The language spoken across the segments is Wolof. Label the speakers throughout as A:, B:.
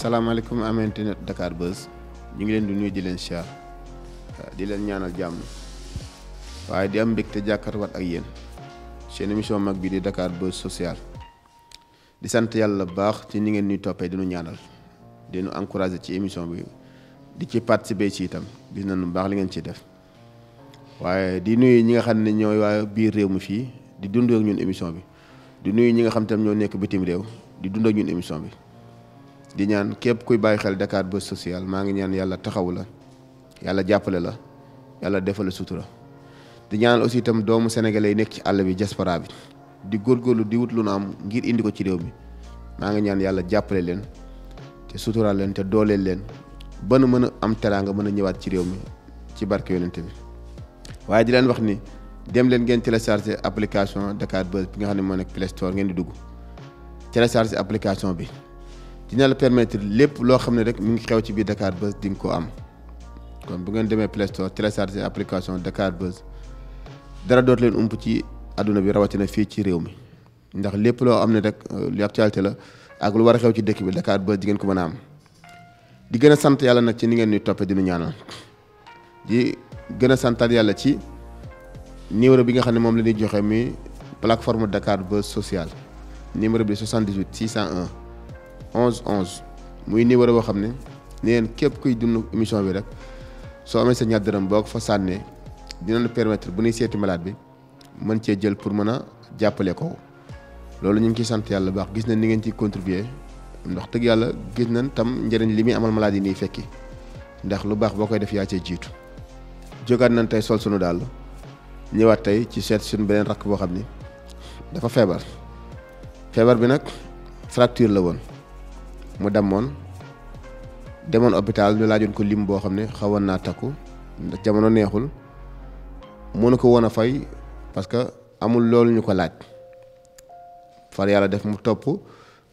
A: salaamaaleykum am ne Dakar bës ñu ngi leen di nuyu di leen siyaar di leen ñaanal jàmm waaye di am te jàkkaarwaat ak yéen seen émission mag bi di Dakar bës social di sant yàlla bu baax ci ni ngeen ñuy toppee dinu ñaanal dinu encouragé ci émission bi di ci participer ci itam gis nañu baax li ngeen ci def waaye di nuy ñi nga xam ne ñooy waaye biir réew mi fii di dund ak ñun émission bi di nuyu ñi nga xam tam ñoo nekk bitim réew di dund ñun émission bi di ñaan képp kuy bàyyi xel Dakar Buzz Social maa ngi ñaan yàlla taxaw la yàlla jàppale la yàlla defal sutura di ñaan aussi itam doomu sénégalais nekk ci àll bi diaspora bi di góorgóorlu di wut lu nu am ngir indi ko ci réew mi maa ngi ñaan yàlla jàppale leen te suturaal leen te dooleel leen ba nu mën a am teraanga mën a ñëwaat ci réew mi ci barke yonent bi waaye di leen wax ni dem leen ngeen télécharger application Dakar Buzz bi nga xam ne moo nekk Play Store ngeen di dugg télécharger application bi. dina la permettre lépp loo xam ne rek mu ngi xew ci biir Dakar Buzz di nga ko am kon bu ngeen demee Play Store télécharger application Dakar Buzz dara leen ump ci àdduna bi rawatina fii ci réew mi ndax lépp loo am ne rek euh, lu la ak lu war a xew ci dëkk bi Dakar Buzz di ngeen ko mën am di gën a sant yàlla nag ci ni ngeen ñuy toppee di nu di gën a santaat yàlla ci numéro bi nga xam ne moom la ñuy joxe mi plateforme Dakar Buzz sociale numéro bi 78 601. 11 11 muy numéro boo xam ne ni képp kuy dund émission bi rek soo amee sa ñaar dërëm boo ko fa sànnee dinañ permettre bu nuy seeti malade bi mën cee jël pour mën a jàppale ko loolu ñu ngi ciy sant yàlla baax gis nañ ni ngeen ciy contribuer ndax dëgg yàlla gis nañ tam njëriñ li muy amal malade yi nii fekki ndax lu baax boo koy def yaa cee jiitu jógaat nañ tey sol sunu daal ñëwaat tey ci seet suñu beneen rakk boo xam ni dafa feebar feebar bi nag fracture la woon. mu moon demoon hôpital ñu laajoon ko lim boo xam ne xawoon naa takku ndax jamono neexul mënu ko woon a fay parce que amul loolu ñu ko laaj far yàlla def mu topp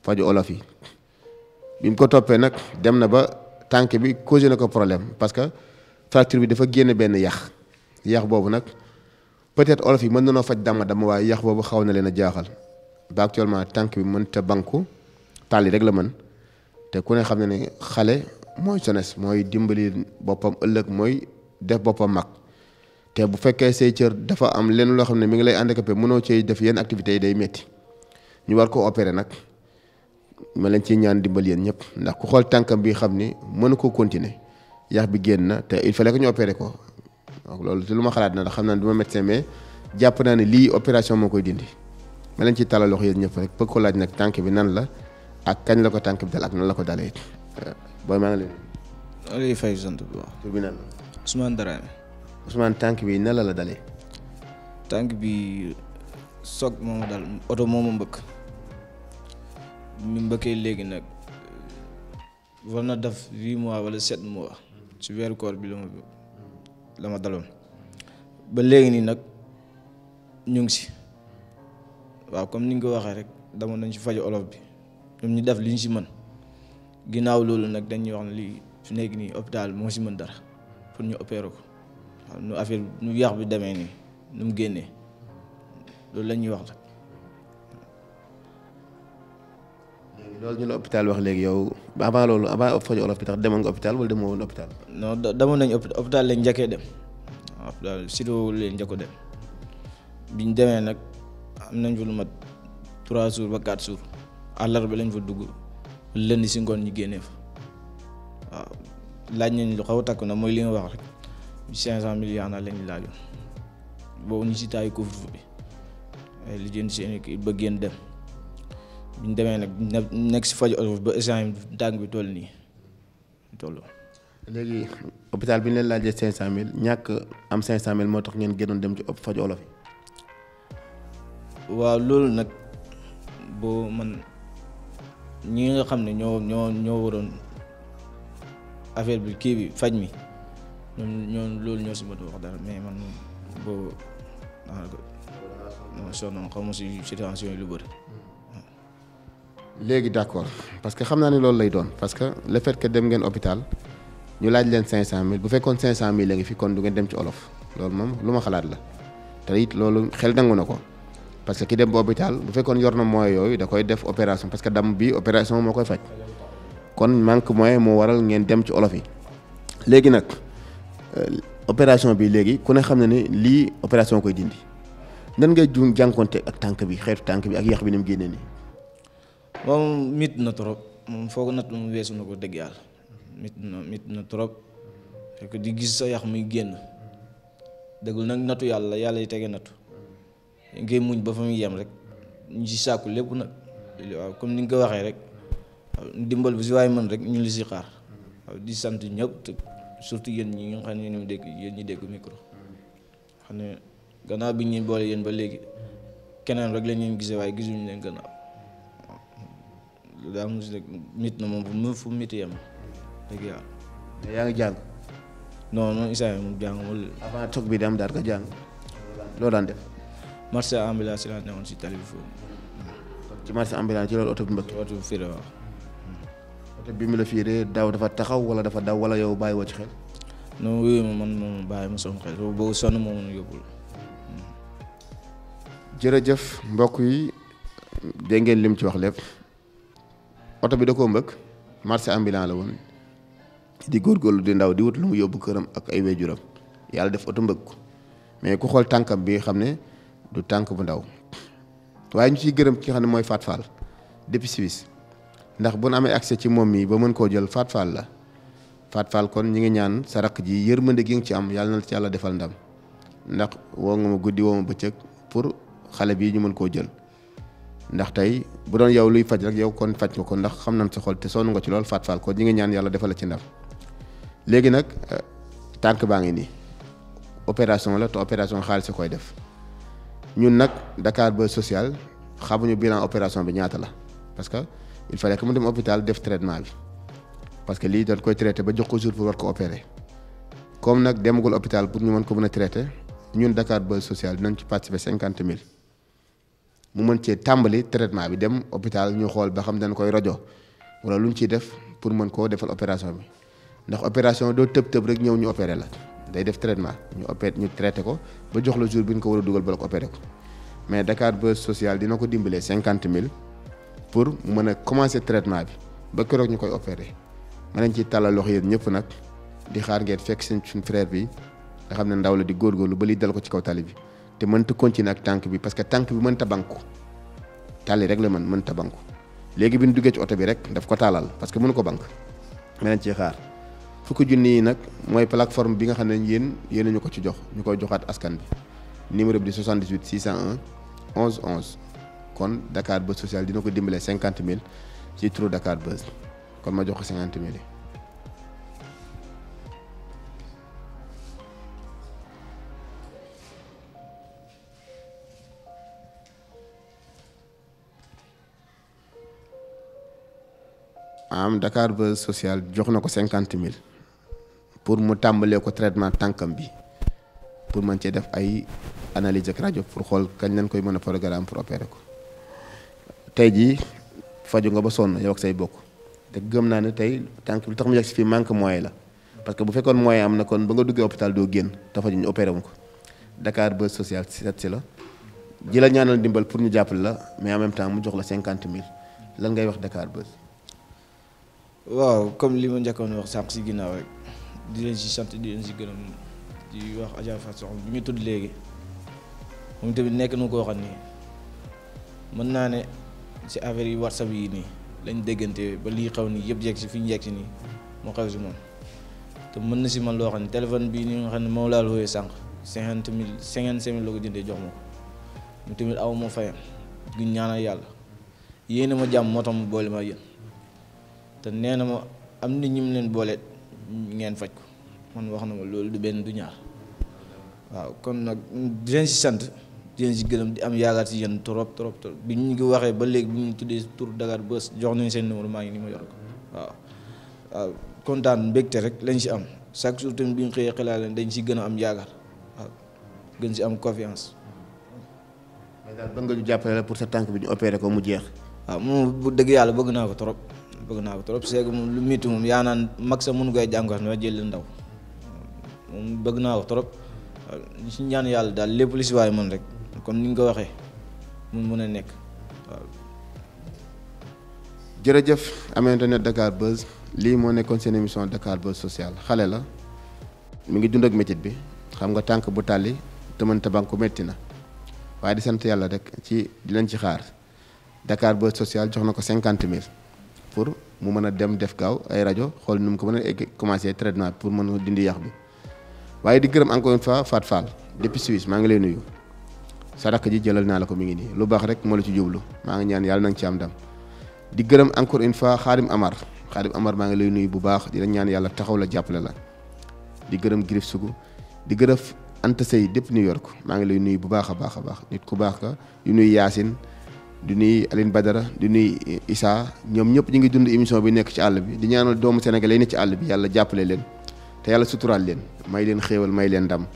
A: faju olof yi bi mu ko toppee nag dem na ba tànk bi causé na ko problème parce que fracture bi dafa génne benn yax yax boobu nag peut-être olof yi mën na noo faj dama dama waaye yax boobu xaw na leen a jaaxal ba actuellement tànk bi mënta banku tàlli rek la mën te ku ne xam ne ne xale mooy jeunesse mooy dimbali boppam ëllëg mooy def boppam mag te bu fekkee say cër dafa am lenn loo xam ne mu ngi lay handicapé mënoo cee def yenn activités yi day métti ñu war ko opérer nag ma leen ciy ñaan dimbal yéen ñëpp ndax ku xool tànkam bii xam ni mënu koo continuer yax bi génn na te il fallait que ñu opéré ko donc loolu te lu ma xalaat na ndax xam naa ne du ma médecin mais jàpp naa ne lii opération moo koy dindi ma leen ciy tàllal loxo yéen ñëpp rek bëgg ko laaj nag tànk bi nan la. ak kañ la ko tànk bi dal ak nan la ko dalee booy maa ngi leen. maa ngi fay sant bi nan la. Ousmane Darame. Ousmane tànk bi nan la la dalee. tànk bi
B: soog moo ma dal oto moo ma mbëkk. mi mbëkkee léegi nag war na def huit mois wala sept mois. ci weeru koor bi la ma la ma daloon. ba léegi nii nag ñu ngi si. waaw comme ni nga ko waxee rek dama nañ ci faju olof bi. ñoom ñu def li ñu si mën ginnaaw loolu nag dañuy wax ne lii fi nekk nii hôpital moo si mën dara pour ñu opérer ko nu affaire nu yàq bi demee nii nu mu génnee loolu la ñuy wax nag.
A: léegi loolu ñu la hôpital wax léegi yow avant loolu abaa foo ñu woon hôpital demoon nga hôpital wala demoo woon hôpital. non demoon nañu hôpital lañ njëkkee dem
B: waaw sitoo leen njëkko dem biñ demee nag am nañ fa lu mat trois jours ba quatre jours. àllarba lañ fa dugg lënd si ngoon ñu génnee fa waaw laaj nañ lu xaw a takk na mooy li wax rek cinq cent millions na lañ laajoon boobu ñu si taayu couvre bi li jënd seen kii ba génn dem biñ demee nag nekk si
A: faju oto ba échange tàng bi toll nii toll léegi hôpital bi ñu laaj laajee cinq cent mille ñàkk am cinq cent mille moo tax ngeen génnoon dem ci ëpp faj olof
B: yi waaw loolu nag boo man ñi nga xam ne ñoo ñoo ñoo waroon affaire bi kii bi faj mi ñoom loolu ñoo si mën wax dara mais man boo ah, soxna xaw ma si situation yi lu bëri.
A: léegi d'accord parce que xam naa ne loolu lay doon parce que le fait que dem ngeen hôpital ñu laaj leen 500000 bu fekkoon 500000 mil ngi fi kon du ngeen dem ci olof loolu moom lu ma xalaat la te it loolu xel dangu na ko. parce que ki dem ba hôpital bu fekkoon yor na moyen yooyu da koy def opération parce que dam bi opération moo koy faj kon manque moyen moo waral ngeen dem ci olof yi léegi nag euh, opération bi léegi ku ne xam ne ne lii opération koy dindi nan ngay ju jànkonte ak tànk bi xeetu tànk bi ak yax bi ni mu génnee nii.
B: moom mit na trop moom foog nat moom weesu na ko dëgg yàlla mit na mit na trop fekk di gis sa yax muy génn dëggul nag natu yàlla yàlla yi tege nattu ngay muñ ba fa muy yem rek ñu si sàkku lépp nag waaw comme ni nga ko waxee rek dimbal bu si waaye mën rek ñu li si xaar waaw di sant ñëpp te surtout yéen ñi nga xam ne dégg yéen ñi dégg micro xam ne gannaaw bi ñuy boole yéen ba léegi keneen rek la ñuy gisee waaye gisuñu leen gannaaw waaw daa mos rek mit na moom bu fu mit yem dëgg yàlla.
A: yaa ngi jàng. non non Issa mu jàng moom. avant toog bi dem daal ko daan def. marché ambulant si si tali ci marché ambulant ci loolu oto bi mbëkk. oto bi fii mu la fiiree daw dafa taxaw wala dafa daw wala yow bàyyi woo ci xel.
B: non oui man moom bàyyi ma sama xel boobu sonn moo mun yóbbul.
A: jërëjëf mbokk yi dégg ngeen lim ci wax lépp oto bi da koo mbëkk marché ambulant la woon di góorgóorlu di ndaw di wut lu mu yóbbu këram ak ay wéjuram yàlla def oto mbëkk mais ku xool tànkam bi xam ne. du tànk bu ndaw waaye ñu ciy gërëm ki xam ne mooy Fat Fall depuis Suisse ndax bu nu amee accès ci moom mii ba mën koo jël Fat Fall la faat Fall kon ñi ngi ñaan sa raq ji yërmande gi nga ci am yàlla na ci yàlla defal ndam ndax woo nga guddi woo ma bëccëg pour xale bii ñu mën koo jël ndax tey bu doon yow luy faj rek yow kon faj ko kon ndax xam nañ sa xol te sonn nga ci lool faat faal kon ñi ngi ñaan yàlla defal la ci ndam léegi nag eh, tànk baa ngi nii opération la te opération xaalis koy def. ñun nag dakaar Buzz Social xamuñu bilan opération bi ñaata la parce que il fallait que mu dem hôpital def traitement bi parce que lii dañ koy traité ba jox ko jour pour war ko opérer comme nag demagul hôpital pour ñu mën ko mën a traité ñun Dakar Buzz Social nañ ci participer cinquante mille mu mën cee tàmbali traitement bi dem hôpital ñu xool ba xam dañ koy rajo wala lu ñu ciy def pour mën koo defal opération bi ndax opération doo tëb tëb rek ñëw ñu opéré la. day def traitement ñu opéré ñu traité ko ba jox la jour bi ñu ko war a dugal bala ko ko mais Dakar Buzz Social dina ko dimbalee cinquante mille pour mën a commencer traitement bi ba keroog ñu koy opéré ma leen ciy tàllal yéen ñëpp nag di xaar ngeen fekk seen suñu frère bi nga xam ne ndaw la di góor góorgóorlu ba li dal ko ci kaw taali bi te mënta continuer ak tànk bi parce que tànk bi mënta banku tali rek la mën mënta banku léegi bi nu duggee ci oto bi rek daf ko taalal parce que mënu ko bank ma leen ciy xaar. fukki junni yi nag mooy plateforme bi nga xam ne yéen yéen ñu ko ci jox ñu koy joxaat askan bi numéro bi di 78 601 11 11 kon Dakar Buzz social dina ko dimbale cinquante mille ci turu Dakar Buzz kon ma jox ko cinquante mille yi am Dakar social jox na ko cinquante mille pour mu tàmbalee ko traitement tànkam bi pour man cee def ay analyse ak rajo pour xool kañ lañ koy mën a programme pour opérer ko tey jii faju nga ba sonn yow ak say bokk te gëm naa ne tey tànk lu tax mu yegg si fii manque moyen la parce que bu fekkoon moyen am na kon ba nga duggee hôpital doo génn te faju ñu opéré wu ko Dakar Buzz Social seet si la ji la ñaanal dimbal pour ñu jàppale la mais en même temps mu jox la cinquante mille lan ngay wax Dakar Buzz
B: waaw comme li ma njëkkoon si ginnaaw di leen si sant di leen si gërëm di wax Adja Fatou bi ñu tudd léegi moom tamit nekk na koo xam ni mën naa ne si affaire yi whatsapp yi nii lañ déggante ba lii xaw nii yëpp yegg si fi ñu yegg si nii moo xew si moom te mën na si man loo xam ne téléphone bii nii ne moom laa la wooyee sànq cinquante mille cinquante cinq mille la ko jëndee jox ma mu tamit aw ma fayam di ñaanal yàlla yéene ma jàmm moo tax mu boole ma yéen te nee na ma am na ñu mu leen boole. ngeen faj ko man wax na ma loolu du benn du ñaar waaw kon nag di leen si sant di leen si gërëm di am yaakaar si yenn trop trop bi ñu ngi waxee ba léegi bi ñu tuddee tur Dakar Buzz jox nañ seen numéro maa ngi ni ma yor waaw kontaan mbégte rek lañ si am chaque jour tamit bu ñu xëyee xelaa leen dañ si gën a am yaakaar waaw gën si am confiance. mais daal bëgg nga pour sa tànk bi ñu opéré ko mu jeex. waaw dëgg yàlla bëgg naa ko trop. bëgg naa ko trop seeg moom lu miitu moom yaa naan mag sa mënu koy jànkuwaat ma jël ndaw moom bëgg naa ko trop si ñaan yàlla daal lépp lu si waay mën rek comme ni nga ko waxee
A: mun mën a nekk waaw. jërëjëf am internet Dakar Buzz lii moo nekkoon seen émission Dakar Buzz social xale la mu ngi dund ak métit bi xam nga tànk bu tàlli tëmante banku metti na waaye di sant yàlla rek ci di ci xaar Dakar Buzz social jox na ko cinquante mille. pour mu mën a dem def gaaw ay rajo xool nu mu ko mën a commencé traitement pour mën a dindi yax bi waaye di gërëm encore une faa Fat Fall depuis Suisse maa ngi lay nuyu sa rakk ji jëlal naa la ko mi ngi nii lu baax rek moo la ci jublu maa ngi ñaan yàlla na am ndam di encore une fois Xaadim Amar Xaadim Amar maa ngi lay nuyu bu baax di la ñaan yàlla taxaw la jàppale la di gërëm Girif Sugu di gërëf Anta Sey dépp New York maa ngi lay nuyu bu baax a baax a baax nit ku baax ka di nuyu Yaasin di nuyu Aline Badara di nuy Issa ñoom ñëpp ñu ngi dund émission bi nekk ci àll bi di ñaanal doomu Sénégal yi nekk ci àll bi yàlla jàppale leen te yàlla suturaal leen may leen xéewal may leen ndam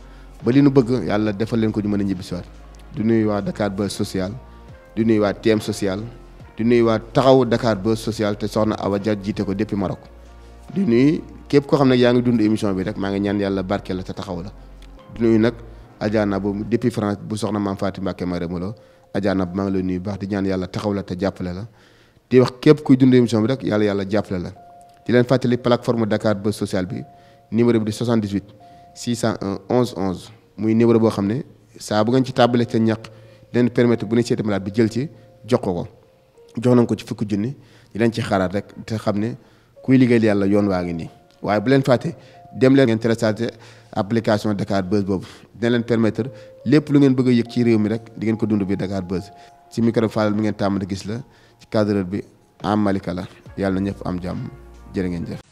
A: ba li nu bëgg yàlla defal leen ko ñu mën a ñibbisiwaat di nuyu waa Dakar Buzz Social di nuyu waa TM Social di nuyu waa taxawu Dakar Buzz Social te soxna Awa Dia jiite ko depuis Maroc di nuy képp koo xam ne yaa ngi dund émission bi rek maa ngi ñaan yàlla barke la te la nuyu nag Adja Nabo depuis France bu soxna maam Fatou Mbacké Marème Lo ajaana maa ngi lay nuyu baax di ñaan yàlla taxaw la te jàppale la di wax képp kuy dund émission bi rek yàlla yàlla jàppale la di leen fàttali plateforme Dakar Buzz Social bi numéro bi di 78 601 11 11 muy numéro boo xam ne saa bu ngeen ci tàbbalee seen ñaq leen permettre bu ne seeti malade bi jël ci jox ko ko jox nañ ko ci fukki junni di leen ci xaraat rek te xam ne kuy liggéeyal yàlla yoon waa ngi nii waaye bu leen fàtte dem leen ngeen télécharger application Dakar boobu dina leen permettre lépp lu ngeen bëgg a yëg ci réew mi rek di ngeen ko dundu bi Dakar Buzz ci micro Fall mi ngeen tàmm gis la ci cadre bi am Malika la yàlla na ñëpp am jàmm jërë ngeen jëf.